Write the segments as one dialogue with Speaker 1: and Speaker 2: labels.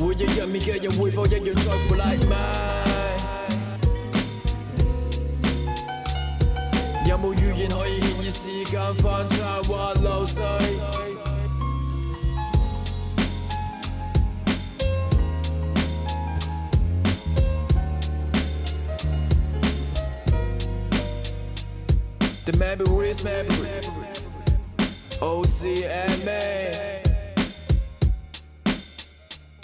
Speaker 1: 回憶入面嘅人會否一樣在乎你咩？有冇預言可以協議時間反轉或流逝？The man be rich man be O C M A。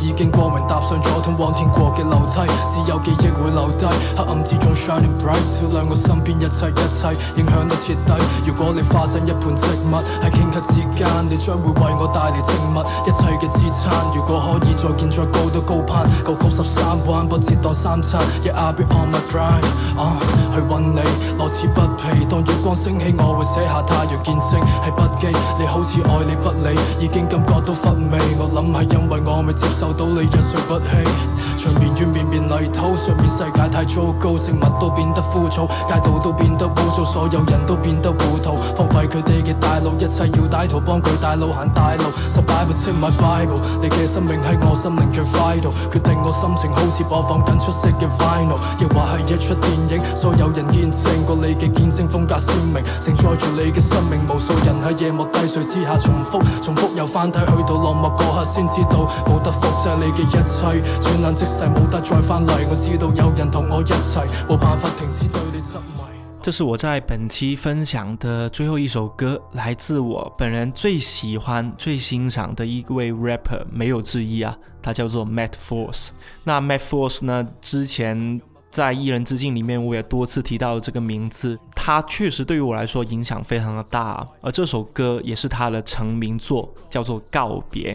Speaker 2: 已經光明踏上咗通往天國嘅樓梯，只有記憶會留低。黑暗之中 shining bright，照亮我身邊一切一切，影響到徹底。如果你化身一盆植物，喺傾刻之間，你將會為我帶嚟植物。一切嘅支撐，如果可以再見再高都高攀，
Speaker 3: 高高十三彎不止當三餐。一、yeah, I'll be on my grind，uh, 去揾你樂此不疲。當月光升起，我會寫下太陽見證係筆記。你好似愛理不理，已經感覺到乏味。我諗係因為我未接受。受到你一睡不起，場面軟綿綿泥土，上面世界太糟糕，植物都變得枯燥，街道都變得污糟，所有人都變得糊塗，荒廢佢哋嘅大路，一切要歹徒幫佢大佬行大路。Survive、so、with my bible，你嘅生命喺我生命最 vital 決定我心情好似播放緊出色嘅 vinyl 亦或係一出電影，所有人見證過你嘅見證風格鮮明，承載住你嘅生命，無數人喺夜幕低垂之下重
Speaker 4: 複，重複又翻睇，去到落幕嗰刻先知道，冇得。這是我在本期分享的最後一首歌，來自我本人最喜歡、最欣賞的一位 rapper，沒有之一啊！他叫做 Matt Force。那 Matt Force 呢？之前在《一人之境》裏面我也多次提到這個名字，他確實對於我來說影響非常的大。而這首歌也是他的成名作，叫做《告別》。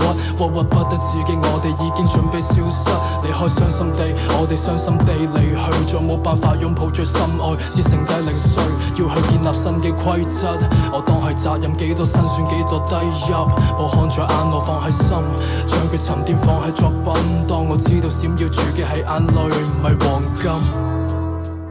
Speaker 3: 屈屈不得自己，我哋已經準備消失，離開傷心地，我哋傷心地離去，再冇辦法擁抱最深愛，只剩低零碎，要去建立新嘅規則。我當係責任，幾多辛酸幾多低入，我看在眼我放喺心，將佢沉澱放喺作品。當我知道閃耀住嘅係眼淚，唔係黃金。